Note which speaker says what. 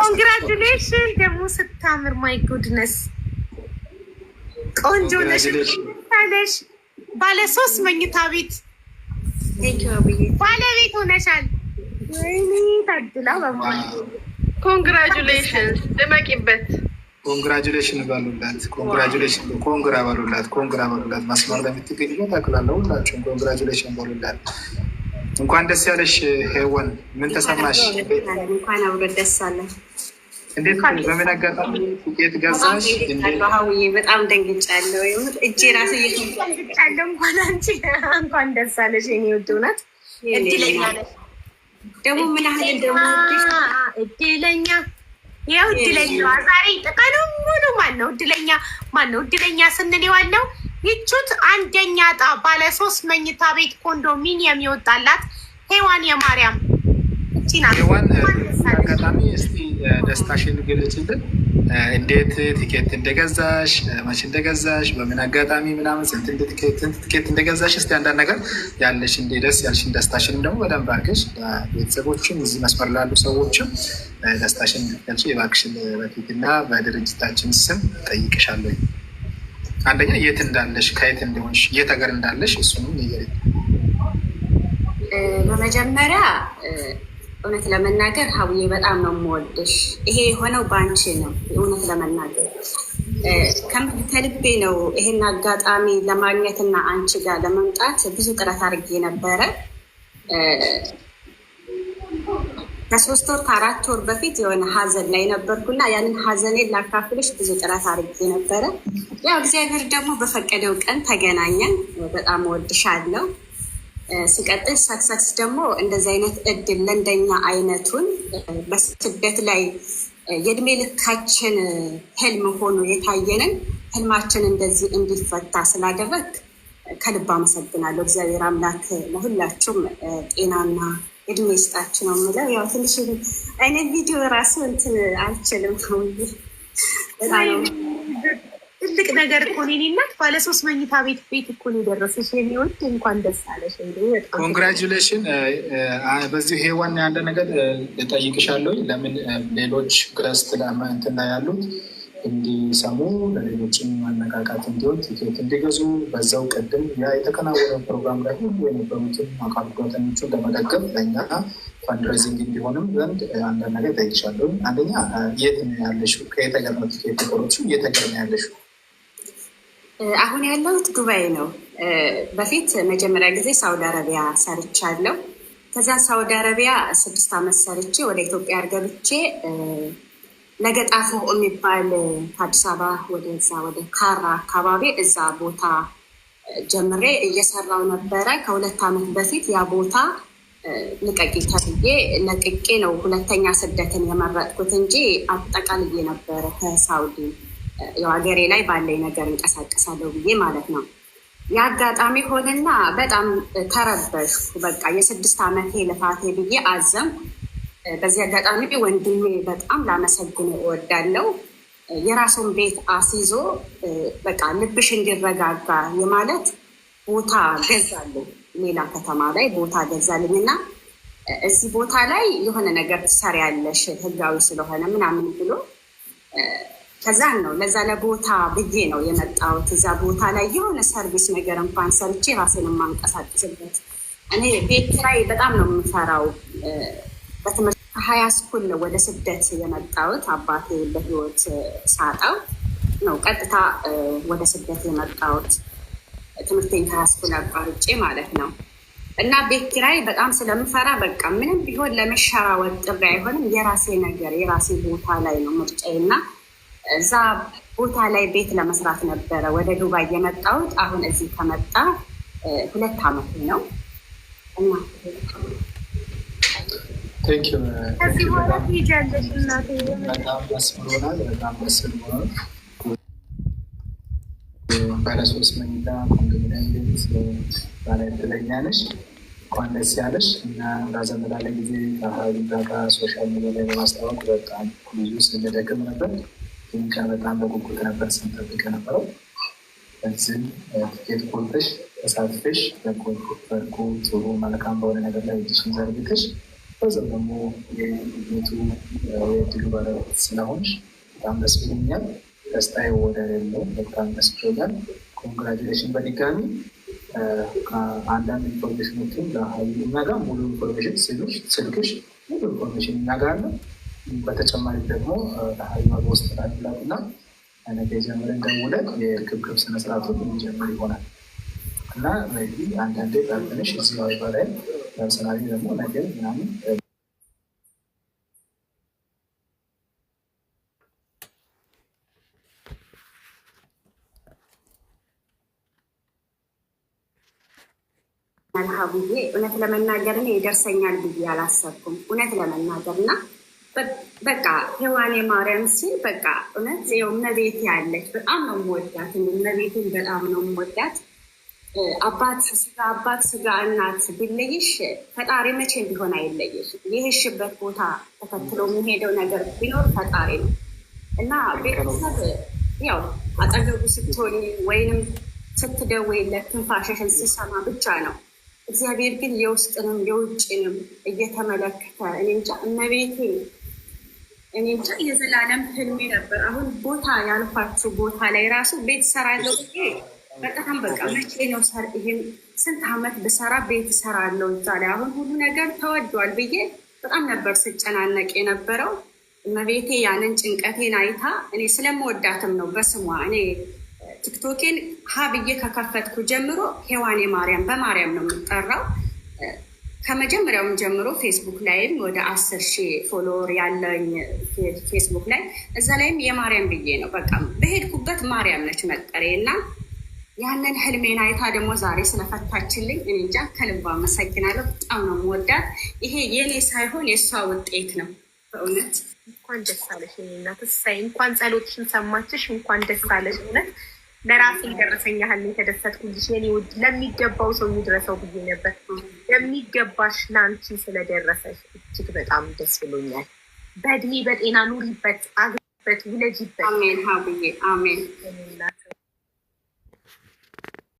Speaker 1: ኮንግራጁሌሽን ደግሞ ስታምር፣ ማይ ጉድነስ ቆንጆ ነሽ። ባለ ሶስት መኝታ ቤት ባለቤት ሆነሻል።
Speaker 2: ታድላ በማለት ኮንግራጁሌሽን። ድመቂበት።
Speaker 3: ኮንግራጁሌሽን በሉላት። ኮንግራጁሌሽን ኮንግራ በሉላት። ኮንግራ በሉላት። መስመር ለምትገኝ ሁላችሁም ኮንግራጁሌሽን በሉላት። እንኳን ደስ ያለሽ ሄወን፣ ምን ተሰማሽ? እንኳን ደስ አለ። እንዴት በምን አጋጣሚ ገዛሽ?
Speaker 4: በጣም ደንግጫለሁ። እጄ ራስ
Speaker 1: እየተጫለው። እንኳን አንቺ እንኳን ደስ አለሽ የኔ ውድ። እውነት እድለኛ ደግሞ ምን ያህል ደግሞ እድለኛ ያው ዛሬ ሙሉ ማን ነው እድለኛ? ማን ነው እድለኛ ስንል ዋለው ይቹት አንደኛ ዕጣ ባለ ሶስት መኝታ ቤት ኮንዶሚኒየም የወጣላት ሄዋን የማርያም
Speaker 3: አጋጣሚ እስቲ ደስታሽን ግለጭልን። እንዴት ቲኬት እንደገዛሽ፣ መቼ እንደገዛሽ፣ በምን አጋጣሚ ምናምን ስንት ቲኬት እንደገዛሽ እስቲ አንዳንድ ነገር ያለሽ እንደ ደስ ያልሽን ደስታሽን ደግሞ በደንብ አድርገሽ ቤተሰቦችም እዚህ መስመር ላሉ ሰዎችም ደስታሽን ገልጽ የባክሽን በፊትና በድርጅታችን ስም ጠይቅሻለሁ። አንደኛ የት እንዳለሽ ከየት እንደሆንሽ የት ሀገር እንዳለሽ እሱንም ነገር
Speaker 4: በመጀመሪያ እውነት ለመናገር ሀቡዬ በጣም ነው የምወድሽ። ይሄ የሆነው በአንቺ ነው። እውነት ለመናገር ከልቤ ነው። ይሄን አጋጣሚ ለማግኘትና አንቺ ጋር ለመምጣት ብዙ ጥረት አድርጌ ነበረ። ከሶስት ወር ከአራት ወር በፊት የሆነ ሀዘን ላይ ነበርኩና ያንን ሀዘኔን ላካፍልሽ ብዙ ጥረት አድርጌ ነበረ። ያው እግዚአብሔር ደግሞ በፈቀደው ቀን ተገናኘን። በጣም ወድሻለሁ። ስቀጥል ሰክሰስ ደግሞ እንደዚህ አይነት እድል ለእንደኛ አይነቱን በስደት ላይ የእድሜ ልካችን ህልም ሆኖ የታየንን ህልማችን እንደዚህ እንዲፈታ ስላደረግ ከልብ አመሰግናለሁ። እግዚአብሔር አምላክ ለሁላችሁም ጤናና እድሜ ይስጣችሁ ነው የምለው። ያው ትንሽ እኔ ቪዲዮ ራሱ እንትን አልችልም።
Speaker 1: ትልቅ ነገር እኮ እኔ እናት ባለ ሶስት መኝታ ቤት ቤት እኮ ነው የደረሰሽ። የሚወድ እንኳን ደስ አለሽ።
Speaker 3: ኮንግራጁሌሽን። በዚሁ ሄዋን ያንድ ነገር ልጠይቅሻለሁ። ለምን ሌሎች ግረስት እንትን ላይ ያሉት እንዲሰሙ ለሌሎችን ማነቃቃት እንዲሆን ቲኬት እንዲገዙ በዛው ቅድም ያ የተከናወነ ፕሮግራም ላይ ሁሉ የነበሩትን አካል ጉዳተኞቹን ለመደገፍ ለእኛ ፋንድሬዚንግ እንዲሆንም ዘንድ አንድ ነገር ጠይቅሻለሁ። አንደኛ የት ነው ያለሽ? ከየት ሀገር ነው ቲኬት የቆረጥሽ? የት ነው ያለሽ?
Speaker 4: አሁን ያለሁት ዱባይ ነው። በፊት መጀመሪያ ጊዜ ሳውዲ አረቢያ ሰርቻለሁ። ከዚያ ሳውዲ አረቢያ ስድስት ዓመት ሰርቼ ወደ ኢትዮጵያ አርገብቼ ለገጣፎ የሚባል ከአዲስ አበባ ወደዛ ወደ ካራ አካባቢ እዛ ቦታ ጀምሬ እየሰራው ነበረ። ከሁለት ዓመት በፊት ያ ቦታ ልቀቂ ተብዬ ለቅቄ ነው ሁለተኛ ስደትን የመረጥኩት እንጂ አጠቃልዬ ነበረ ከሳውዲ የሀገሬ ላይ ባለኝ ነገር እንቀሳቀሳለሁ ብዬ ማለት ነው። የአጋጣሚ ሆንና በጣም ተረበሽኩ። በቃ የስድስት ዓመቴ ልፋቴ ብዬ አዘም በዚህ አጋጣሚ ወንድሜ በጣም ላመሰግነ እወዳለሁ። የራሱን ቤት አስይዞ በቃ ልብሽ እንዲረጋጋ የማለት ቦታ ገዛልኝ፣ ሌላ ከተማ ላይ ቦታ ገዛልኝ እና እዚህ ቦታ ላይ የሆነ ነገር ትሰሪያለሽ ህጋዊ ስለሆነ ምናምን ብሎ ከዛን ነው ለዛ ለቦታ ብዬ ነው የመጣሁት። እዛ ቦታ ላይ የሆነ ሰርቪስ ነገር እንኳን ሰርቼ ራሴን የማንቀሳቀስበት እኔ ቤት ኪራይ በጣም ነው የምፈራው። በትምህርት ከሀያ ስኩል ወደ ስደት የመጣሁት። አባቴ በህይወት ሳጣው ነው ቀጥታ ወደ ስደት የመጣሁት ትምህርቴን ከሀያ ስኩል አቋርጬ ማለት ነው። እና ቤት ኪራይ በጣም ስለምፈራ በቃ ምንም ቢሆን ለመሸራወጥ ጥሪ አይሆንም። የራሴ ነገር የራሴ ቦታ ላይ ነው ምርጫ እና እዛ ቦታ ላይ ቤት ለመስራት ነበረ ወደ ዱባይ የመጣሁት። አሁን እዚህ ከመጣ ሁለት አመት ነው እና
Speaker 3: በጣም ደስ ባለሶስት መኝታ ኮንዶሚኒየም ነሽ። እንኳን ደስ ያለሽ እና ጊዜ ከሀሪዳጋ ሶሻል ሚዲያ ላይ በማስታወቅ በጣም ብዙ ስንደግም ነበር። ይህን በጣም በጉጉት ነበር ስንጠብቅ ነበረው። እዚህም ትኬት ቆርጠሽ ተሳትፈሽ በጎ ጥሩ መልካም በሆነ ነገር ላይ እጅሽን ዘርግተሽ በዚም ደግሞ የቤቱ የድል ባለቤት ስለሆንሽ በጣም ደስ ብሎኛል። ደስታዬ ወደር የለውም። በጣም ደስ ብሎኛል። ኮንግራጁሌሽን በድጋሚ አንዳንድ ኢንፎርሜሽኖችን ለሀይሉ እናጋ ሙሉ ኢንፎርሜሽን ስልሽ ስልክሽ ሙሉ ኢንፎርሜሽን እናጋለ። በተጨማሪ ደግሞ ለሀይ በውስጥ ላድላት እና ነገ ጀምረን ደውለን የክብክብ ስነስርዓቱን የሚጀምር ይሆናል። እና ሜይቢ አንዳንዴ ትንሽ እዚህ ዋይባ ላይ ፐርሰናሊ ደግሞ ነገር ምናምን
Speaker 4: መልሀ ብዬ እውነት ለመናገር እኔ ይደርሰኛል ብዬ አላሰብኩም። እውነት ለመናገር እና በቃ ሔዋኔ ማርያም ሲል በቃ እውነት ው እመቤቴ ያለች በጣም ነው የምወዳት። እመቤቴን በጣም ነው የምወዳት። አባት ስጋ አባት ስጋ እናት ቢለይሽ ፈጣሪ መቼ ቢሆን አይለይሽ። ይህሽበት ቦታ ተከትሎ የሚሄደው ነገር ቢኖር ፈጣሪ ነው እና ቤተሰብ ያው አጠገቡ ስትሆኝ ወይንም ስትደውይለት ትንፋሽሽን ስሰማ ብቻ ነው። እግዚአብሔር ግን የውስጥንም የውጭንም እየተመለከተ እኔ እንጃ እመቤቴ፣ እኔ እንጃ የዘላለም ህልሜ ነበር። አሁን ቦታ ያልኳችሁ ቦታ ላይ ራሱ ቤት ሰራለው በጣም በቃ መቼ ነው ይሄን ስንት አመት ብሰራ ቤት እሰራለሁ እዛ ላይ አሁን ሁሉ ነገር ተወዷል ብዬ በጣም ነበር ስጨናነቅ የነበረው። እመቤቴ ያንን ጭንቀቴን አይታ እኔ ስለምወዳትም ነው በስሟ እኔ ቲክቶኬን ሀ ብዬ ከከፈትኩ ጀምሮ ሄዋኔ ማርያም በማርያም ነው የምጠራው። ከመጀመሪያውም ጀምሮ ፌስቡክ ላይም ወደ አስር ሺህ ፎሎወር ያለኝ ፌስቡክ ላይ እዛ ላይም የማርያም ብዬ ነው በቃ በሄድኩበት ማርያም ነች መጠሬ እና ያንን ህልሜን አይታ ደግሞ ዛሬ ስለፈታችልኝ እኔ እንጃ ከልባ አመሰግናለሁ። በጣም ነው የምወዳት። ይሄ የኔ ሳይሆን የእሷ ውጤት ነው።
Speaker 1: በእውነት እንኳን ደስ አለሽ እናት፣ እሰይ እንኳን ጸሎትሽን ሰማችሽ፣ እንኳን ደስ አለሽ። እውነት ለራሴ የደረሰኝ ያህል የተደሰትኩልሽ የኔ ውድ። ለሚገባው ሰው የሚደረሰው ብዬ ነበር። ለሚገባሽ ለአንቺ ስለደረሰሽ እጅግ በጣም ደስ ብሎኛል። በእድሜ በጤና ኑሪበት፣ አግበት፣ ውለጅበት።
Speaker 3: አሜን ሀብዬ አሜን።